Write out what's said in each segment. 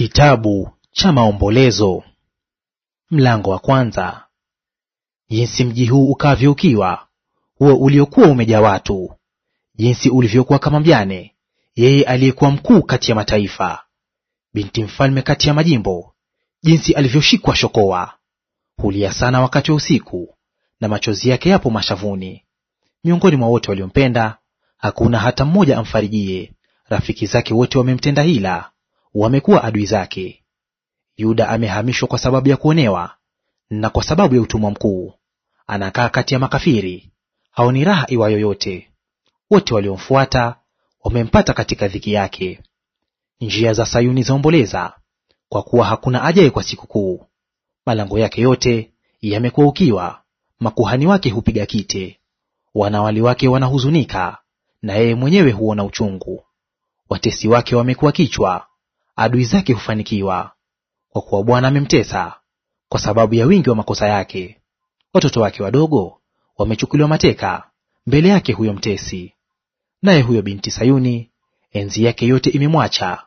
Kitabu cha Maombolezo, mlango wa kwanza. Jinsi mji huu ukavyokiwa, huo uliokuwa umejaa watu, jinsi ulivyokuwa kama mjane, yeye aliyekuwa mkuu kati ya mataifa, binti mfalme kati ya majimbo, jinsi alivyoshikwa shokoa. Hulia sana wakati wa usiku, na machozi yake yapo mashavuni. Miongoni mwa wote waliompenda hakuna hata mmoja amfarijie; rafiki zake wote wamemtenda hila wamekuwa adui zake. Yuda amehamishwa kwa sababu ya kuonewa na kwa sababu ya utumwa mkuu, anakaa kati ya makafiri, haoni raha iwayo yote. Wote waliomfuata wamempata katika dhiki yake. Njia za Sayuni zaomboleza, kwa kuwa hakuna ajaye kwa sikukuu. Malango yake yote yamekuwa ukiwa, makuhani wake hupiga kite, wanawali wake wanahuzunika, na yeye mwenyewe huona uchungu. Watesi wake wamekuwa kichwa, adui zake hufanikiwa. Kwa kuwa Bwana amemtesa kwa sababu ya wingi wa makosa yake. Watoto wake wadogo wamechukuliwa mateka mbele yake huyo mtesi. Naye huyo binti Sayuni enzi yake yote imemwacha.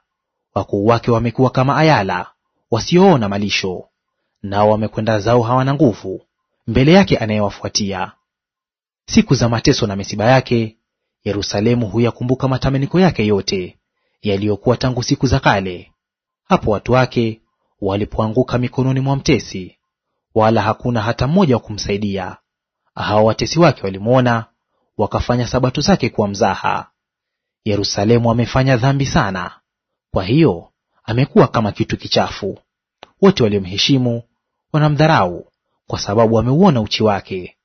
Wakuu wake wamekuwa kama ayala wasioona malisho, nao wamekwenda zao hawana nguvu mbele yake anayewafuatia. Siku za mateso na misiba yake Yerusalemu huyakumbuka matamaniko yake yote yaliyokuwa tangu siku za kale, hapo watu wake walipoanguka mikononi mwa mtesi, wala hakuna hata mmoja wa kumsaidia. Hao watesi wake walimwona, wakafanya sabato zake kuwa mzaha. Yerusalemu amefanya dhambi sana, kwa hiyo amekuwa kama kitu kichafu. Wote waliomheshimu wanamdharau, kwa sababu ameuona uchi wake.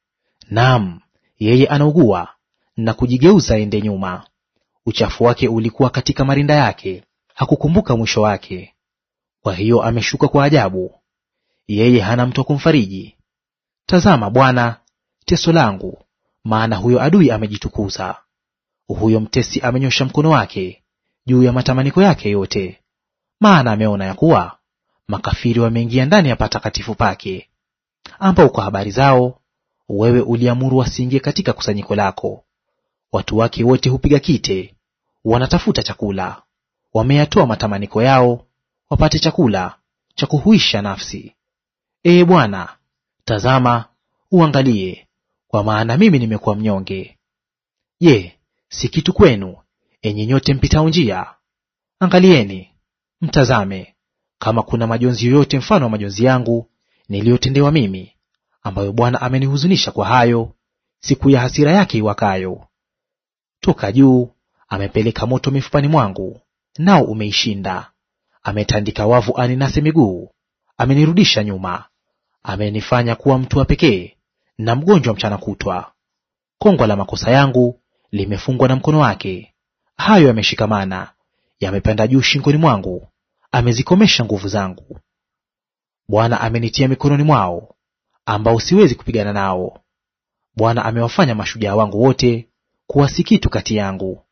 Naam, yeye anaugua na kujigeuza ende nyuma. Uchafu wake ulikuwa katika marinda yake, hakukumbuka mwisho wake. Kwa hiyo ameshuka kwa ajabu, yeye hana mtu wa kumfariji. Tazama Bwana, teso langu, maana huyo adui amejitukuza; huyo mtesi amenyosha mkono wake juu ya matamaniko yake yote. Maana ameona ya kuwa makafiri wameingia ndani ya patakatifu pake, ambao kwa habari zao wewe uliamuru wasiingie katika kusanyiko lako. Watu wake wote hupiga kite wanatafuta chakula, wameyatoa matamaniko yao wapate chakula cha kuhuisha nafsi. Ee Bwana, tazama uangalie, kwa maana mimi nimekuwa mnyonge. Je, si kitu kwenu, enyi nyote mpitao njia? Angalieni mtazame, kama kuna majonzi yoyote mfano wa majonzi yangu niliyotendewa mimi, ambayo Bwana amenihuzunisha kwa hayo siku ya hasira yake iwakayo. Toka juu Amepeleka moto mifupani mwangu, nao umeishinda. Ametandika wavu aninase miguu, amenirudisha nyuma. Amenifanya kuwa mtu wa pekee na mgonjwa mchana kutwa. Kongwa la makosa yangu limefungwa na mkono wake; hayo yameshikamana, yamepanda juu shingoni mwangu. Amezikomesha nguvu zangu. Bwana amenitia mikononi mwao, ambao siwezi kupigana nao. Bwana amewafanya mashujaa wangu wote kuwa si kitu kati yangu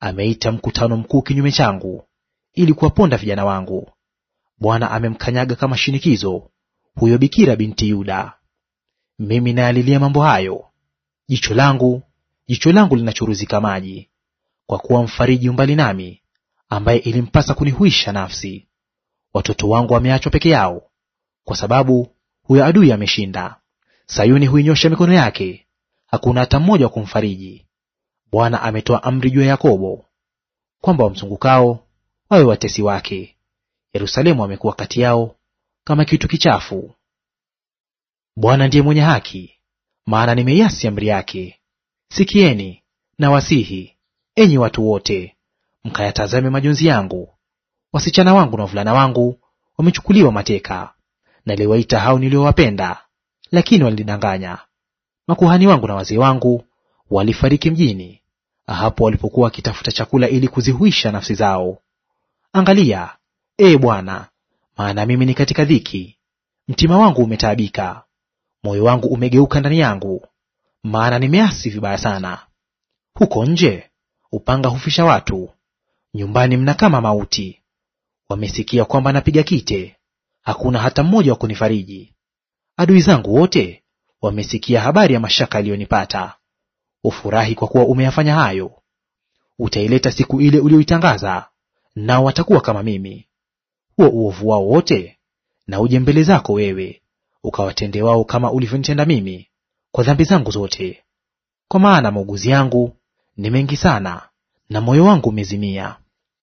ameita mkutano mkuu kinyume changu ili kuwaponda vijana wangu. Bwana amemkanyaga kama shinikizo huyo bikira binti Yuda. Mimi nayalilia mambo hayo, jicho langu jicho langu linachuruzika maji, kwa kuwa mfariji umbali nami, ambaye ilimpasa kunihuisha nafsi. Watoto wangu wameachwa peke yao, kwa sababu huyo adui ameshinda. Sayuni huinyosha mikono yake, hakuna hata mmoja wa kumfariji. Bwana ametoa amri juu ya Yakobo, kwamba wamzungukao wawe watesi wake. Yerusalemu amekuwa kati yao kama kitu kichafu. Bwana ndiye mwenye haki, maana nimeiasi amri yake. Sikieni na wasihi, enyi watu wote, mkayatazame majonzi yangu. Wasichana wangu na wavulana wangu wamechukuliwa mateka. Naliwaita hao niliowapenda, lakini walinidanganya. Makuhani wangu na wazee wangu walifariki mjini, hapo walipokuwa wakitafuta chakula ili kuzihuisha nafsi zao. Angalia, e Bwana, maana mimi ni katika dhiki; mtima wangu umetaabika, moyo wangu umegeuka ndani yangu, maana nimeasi vibaya sana. Huko nje upanga hufisha watu, nyumbani mna kama mauti. Wamesikia kwamba napiga kite, hakuna hata mmoja wa kunifariji. Adui zangu wote wamesikia habari ya mashaka yaliyonipata. Ufurahi kwa kuwa umeyafanya hayo. Utaileta siku ile uliyoitangaza, nao watakuwa kama mimi. Huo uovu wao wote na uje mbele zako wewe, ukawatende wao kama ulivyonitenda mimi kwa dhambi zangu zote. Kwa maana mauguzi yangu ni mengi sana, na moyo wangu umezimia.